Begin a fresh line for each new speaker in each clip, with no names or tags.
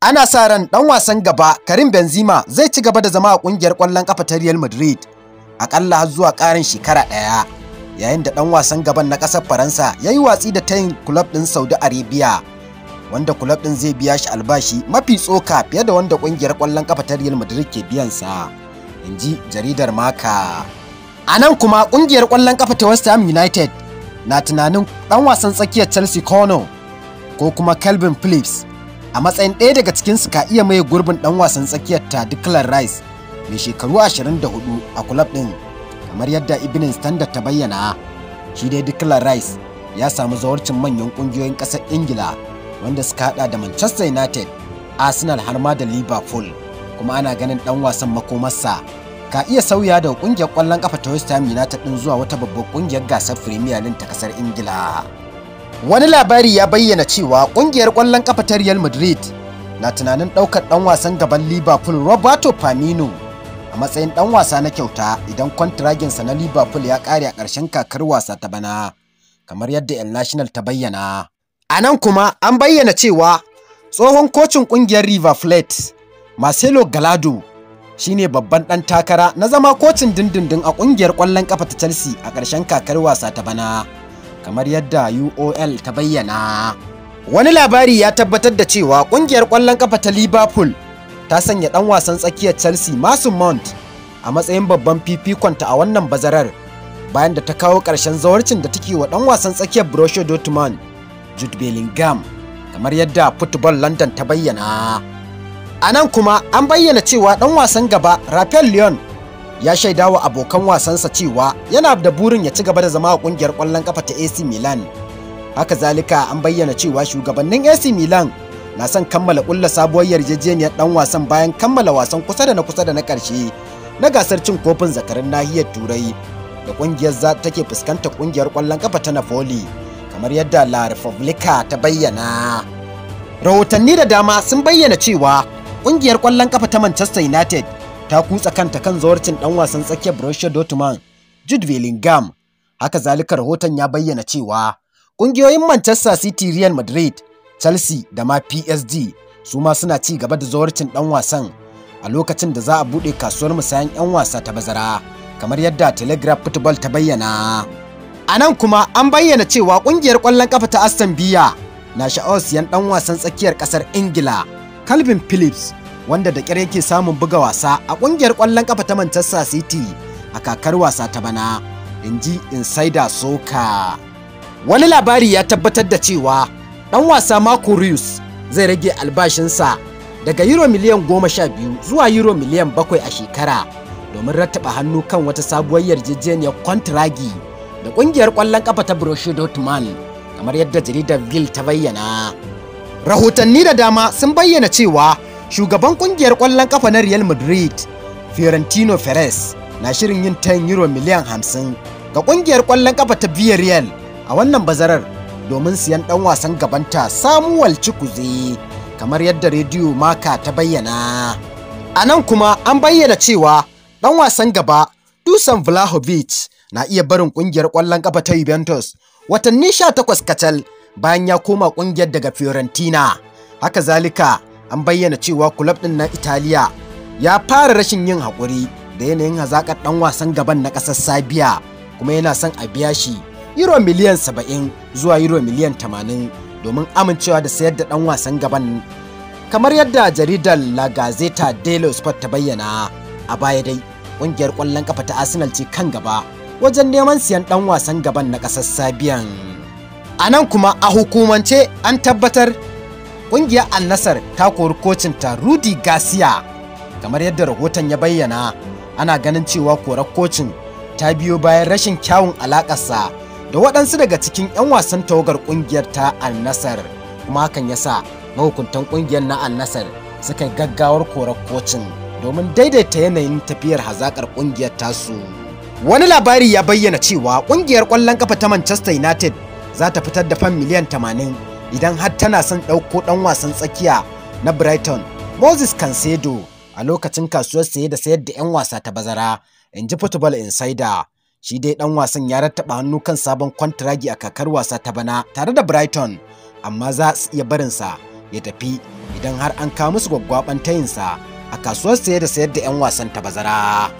Ana sa ran ɗan wasan gaba Karim Benzema zai ci gaba da zama a ƙungiyar ƙwallon ƙafa ta Real Madrid aƙalla har zuwa ƙarin shekara ɗaya. Yayin da ɗan wasan gaban na ƙasar Faransa ya yi watsi da tayin kulob ɗin Saudi Arabia wanda kulob ɗin zai biya shi albashi mafi tsoka fiye da wanda ƙungiyar ƙwallon ƙafa ta Real Madrid ke biyan sa. In jaridar Maka. A nan kuma ƙungiyar ƙwallon ƙafa ta West Ham United na tunanin ɗan wasan tsakiyar Chelsea Kono ko kuma Calvin Phillips a matsayin ɗaya daga cikinsu ka iya maye gurbin ɗan wasan tsakiyar ta Declan Rice mai shekaru 24 a kulab ɗin kamar yadda Evening Standard ta bayyana shi dai Declan Rice ya samu zawarcin manyan ƙungiyoyin ƙasar Ingila wanda suka haɗa da Manchester United, Arsenal har ma da Liverpool kuma ana ganin ɗan wasan makomarsa ka iya sauya daga ƙungiyar ƙwallon ƙafa ta West Ham United ɗin zuwa wata babbar ƙungiyar gasar Premier League ta ƙasar Ingila. Wani labari ya bayyana cewa ƙungiyar ƙwallon ƙafa ta Real Madrid na tunanin ɗaukar ɗan wasan gaban Liverpool Roberto Firmino a matsayin ɗan wasa na kyauta idan kwantiraginsa na Liverpool ya ƙare a ƙarshen kakar wasa ta bana, kamar yadda El National ta bayyana. A nan kuma an bayyana cewa tsohon kocin ƙungiyar River Plate Marcelo Gallardo shine babban ɗan takara na zama kocin dindindin a ƙungiyar ƙwallon ƙafa ta Chelsea a ƙarshen kakar wasa ta bana. kamar yadda UOL ta bayyana. Wani labari ya tabbatar da cewa kungiyar ƙwallon kafa ta Liverpool ta sanya ɗan wasan tsakiyar Chelsea Mason Mount a matsayin babban fifikonta a wannan bazarar bayan da ta kawo ƙarshen zawarcin da take wa ɗan wasan tsakiyar Borussia Dortmund Jude Bellingham kamar yadda Football London ta bayyana. A nan kuma an bayyana cewa ɗan wasan gaba Rafael Leon ya shaida wa abokan wasansa cewa yana da burin ya ci gaba da zama a kungiyar ƙwallon kafa ta AC Milan. Haka zalika an bayyana cewa shugabannin AC Milan na son kammala ƙulla sabuwar yarjejeniyar ɗan wasan bayan kammala wasan kusa da na kusa da na karshe na gasar cin kofin zakarin nahiyar Turai da ƙungiyar za take fuskantar ƙungiyar kwallon kafa ta Napoli kamar yadda La Repubblica ta bayyana. Rahotanni da dama sun bayyana cewa ƙungiyar ƙwallon kafa ta Manchester United ta kutsa kanta kan zawarcin dan wasan tsakiyar Borussia Dortmund Jude Bellingham. Haka zalika rahoton ya bayyana cewa ƙungiyoyin Manchester City, Real Madrid, Chelsea da ma PSG su ma suna ci gaba da zawarcin dan wasan a lokacin da za a buɗe kasuwar musayan 'yan wasa ta bazara kamar yadda Telegraph Football ta bayyana. A nan kuma an bayyana cewa ƙungiyar ƙwallon ƙafa ta Aston Villa na sha'awar siyan ɗan wasan tsakiyar ƙasar Ingila Calvin Phillips wanda da kyar yake samun buga wasa a ƙungiyar kwallon ƙafa ta Manchester City a kakar wasa ta bana inji insider soka wani labari ya tabbatar da cewa ɗan wasa Marco Reus zai rage albashinsa daga euro miliyan goma sha biyu zuwa euro miliyan bakwai a shekara domin rattaba hannu kan wata sabuwar yarjejeniyar kwantiragi da ƙungiyar ƙwallon kafa ta Borussia Dortmund kamar yadda jaridar Bild ta bayyana rahotanni da dama sun bayyana cewa shugaban kungiyar ƙwallon kafa na Real Madrid, Fiorentino Perez, na shirin yin tan euro miliyan 50 ga kungiyar ƙwallon kafa ta Villarreal a wannan bazarar domin siyan ɗan wasan gabanta Samuel Chukwuze, kamar yadda rediyo Maka ta bayyana. A nan kuma an bayyana cewa ɗan wasan gaba Dusan Vlahovic na iya barin kungiyar ƙwallon kafa ta Juventus watanni 18 kacal bayan ya koma kungiyar daga Fiorentina. Haka zalika an bayyana cewa kulab ɗin na Italiya ya fara rashin yin haƙuri da yanayin hazaƙar ɗan wasan gaban na ƙasar Sabiya kuma yana son a biya shi euro miliyan 70 zuwa euro miliyan 80 domin amincewa da sayar da ɗan wasan gaban kamar yadda jaridar La Gazzetta dello Sport ta bayyana a baya dai ƙungiyar ƙwallon ƙafa ta Arsenal ce kan gaba wajen neman siyan ɗan wasan gaban na ƙasar Sabiyan. A nan kuma a hukumance an tabbatar ƙungiyar annasar ta kori kocin ta Rudi Garcia kamar yadda rahoton ya bayyana ana ganin cewa korar kocin ta biyo bayan rashin kyawun alakarsa da waɗansu daga cikin 'yan wasan tawagar ƙungiyar ta annasar kuma hakan ya sa mahukuntan ƙungiyar na annasar suka gaggawar korar kocin domin daidaita yanayin tafiyar hazaƙar ƙungiyar tasu wani labari ya bayyana cewa ƙungiyar ƙwallon kafa ta manchester united za ta fitar da fan miliyan 80 idan har tana son ɗauko ɗan wasan tsakiya na Brighton Moses Cancedo a lokacin kasuwar saye da sayar da 'yan wasa ta bazara in ji Football Insider. Shi dai ɗan wasan ya rattaba hannu kan sabon kwantiragi a kakar wasa ta bana tare da Brighton amma za su iya barinsa ya tafi idan har an kawo musu gwaggwaban tayinsa a kasuwar saye da sayar da 'yan wasan ta bazara.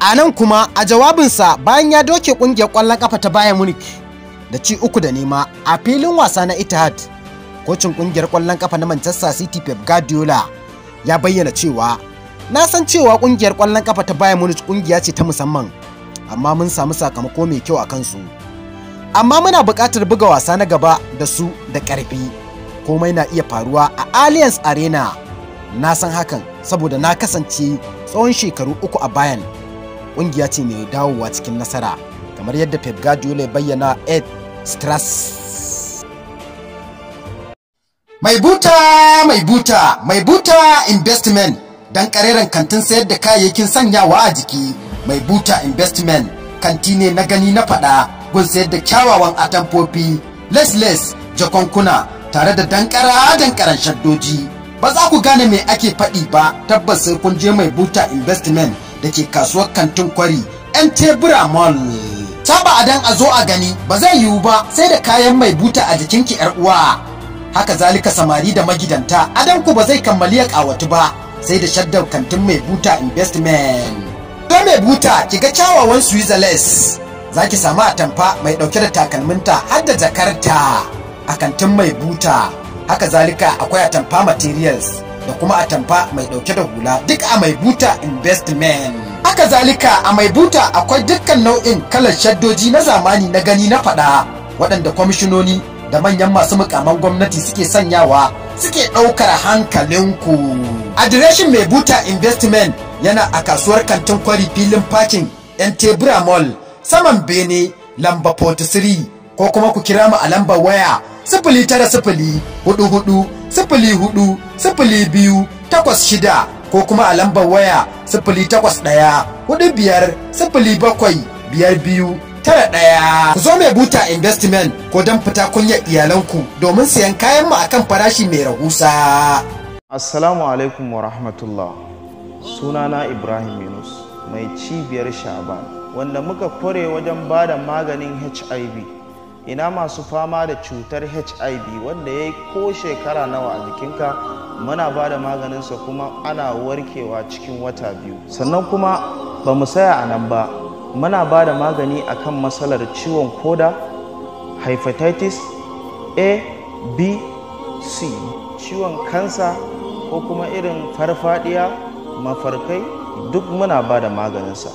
A nan kuma a jawabinsa bayan ya doke ƙungiyar ƙwallon ƙafa ta Bayern Munich da ci uku da nema a filin wasa na Etihad. Kocin kungiyar ƙwallon kafa na Manchester City Pep Guardiola ya bayyana cewa na san cewa kungiyar ƙwallon kafa ta Bayern Munich kungiya ce ta musamman amma mun samu sakamako mai kyau a kansu. Amma muna buƙatar buga wasa na gaba da su da ƙarfi. Komai na iya faruwa a Allianz Arena. Na san hakan saboda na kasance tsawon shekaru uku a Bayern, Ƙungiya ce mai dawowa cikin nasara. kamar yadda Pep Guardiola ya bayyana Ed stress mai buta mai buta mai buta investment dan kareren kantin sayar da kayayyakin sanyawa a jiki mai buta investment kanti ne na gani na fada gun sayar da kyawawan atamfofi les-les jakonkuna tare da dankara dankaran shaddoji ba za ku gane me ake faɗi ba tabbas sai kun je mai buta investment da ke kasuwar kantin kwari 'yan tebura mall taba adan azo a zo a gani ba zai yiwu ba sai da kayan mai buta a jikinki yar uwa haka zalika samari da magidanta adanku ba zai kammali ya kawatu ba sai da shaddar kantin mai buta investment don mai buta ki ga kyawawan switzerlands za ki samu atamfa mai dauke da takalminta har da jakarta a kantin mai buta haka zalika akwai atamfa materials da kuma atamfa mai dauke da hula duk a mai buta investment haka zalika a mai buta akwai dukkan nau'in kalar shaddoji na zamani na gani na faɗa waɗanda kwamishinoni da manyan masu mukaman gwamnati suke sanyawa suke ɗaukar hankalinku adireshin mai buta investment yana a kasuwar kantin kwari filin pakin yan tebura mall saman bene lamba 43 ko kuma ku kira mu a lamba waya sifili tara sifili hudu hudu sifili hudu sifili biyu takwas shida ko kuma a lambar waya sifili takwas ɗaya hudu biyar sifili bakwai biyar biyu tara ɗaya. Ku zo mai buta investment ko don fita kunyar iyalanku domin sayan kayan mu akan farashi mai rahusa.
Assalamu alaikum wa rahmatullah. Sunana Ibrahim Yunus mai cibiyar Shaban wanda muka kware wajen ba da maganin HIV. ina masu fama da cutar hiv wanda ya yi ko shekara nawa a jikinka muna ba da maganinsa kuma ana warkewa cikin wata biyu sannan kuma ba mu saya a nan ba muna ba da magani a kan matsalar ciwon koda hepatitis a b c ciwon kansa ko kuma irin farfadiya mafarkai duk muna ba da maganinsa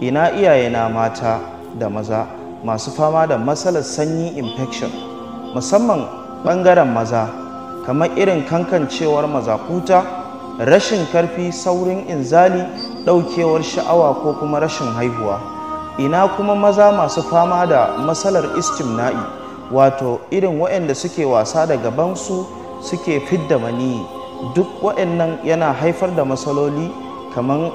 ina iyayena mata da maza masu fama da matsalar sanyi infection musamman ɓangaren maza kamar irin kankancewar mazakuta rashin karfi saurin inzali ɗaukewar sha'awa ko kuma rashin haihuwa ina kuma maza masu fama da matsalar istimna'i wato irin waɗanda suke wasa da gabansu suke fidda maniyi duk waɗannan yana haifar da matsaloli kamar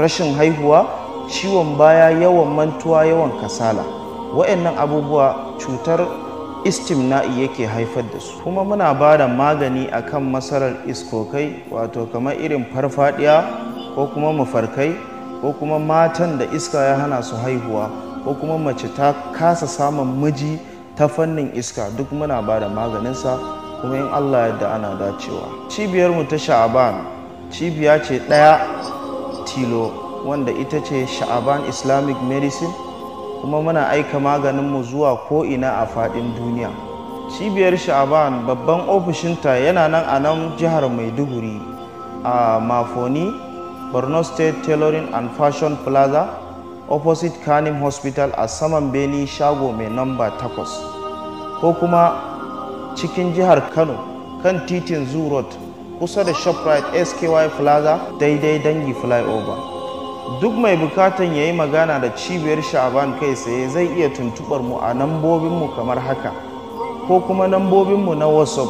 rashin haihuwa ciwon baya yawan mantuwa yawan kasala wa'annan abubuwa cutar istim na'i yake haifar da su kuma muna ba da magani akan masarar iskokai wato kamar irin farfadiya ko kuma mafarkai ko kuma matan da iska ya hana su haihuwa ko kuma mace ta kasa samun miji ta fannin iska duk muna ba da maganinsa kuma in allah yadda ana dacewa cibiyar mu ta sha'aban cibiya ce ɗaya tilo wanda ita ce sha'aban islamic medicine kuma muna aika maganinmu zuwa ko'ina a faɗin duniya cibiyar sha'aban babban ofishinta yana nan a nan jihar maiduguri a mafoni borno state tailoring and fashion plaza opposite kanim hospital a saman beni shago mai namba 8 ko kuma cikin jihar kano kan titin zoo road kusa da shoprite sky plaza daidai dangi flyover duk mai bukatan ya yi magana da cibiyar sha'aban kai tsaye zai iya tuntubar mu a nambobinmu kamar haka ko kuma nambobinmu na whatsapp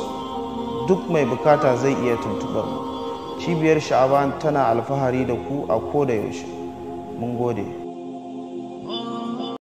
duk mai bukata zai iya tuntubar mu cibiyar sha'aban tana alfahari da ku a koda yaushe mun gode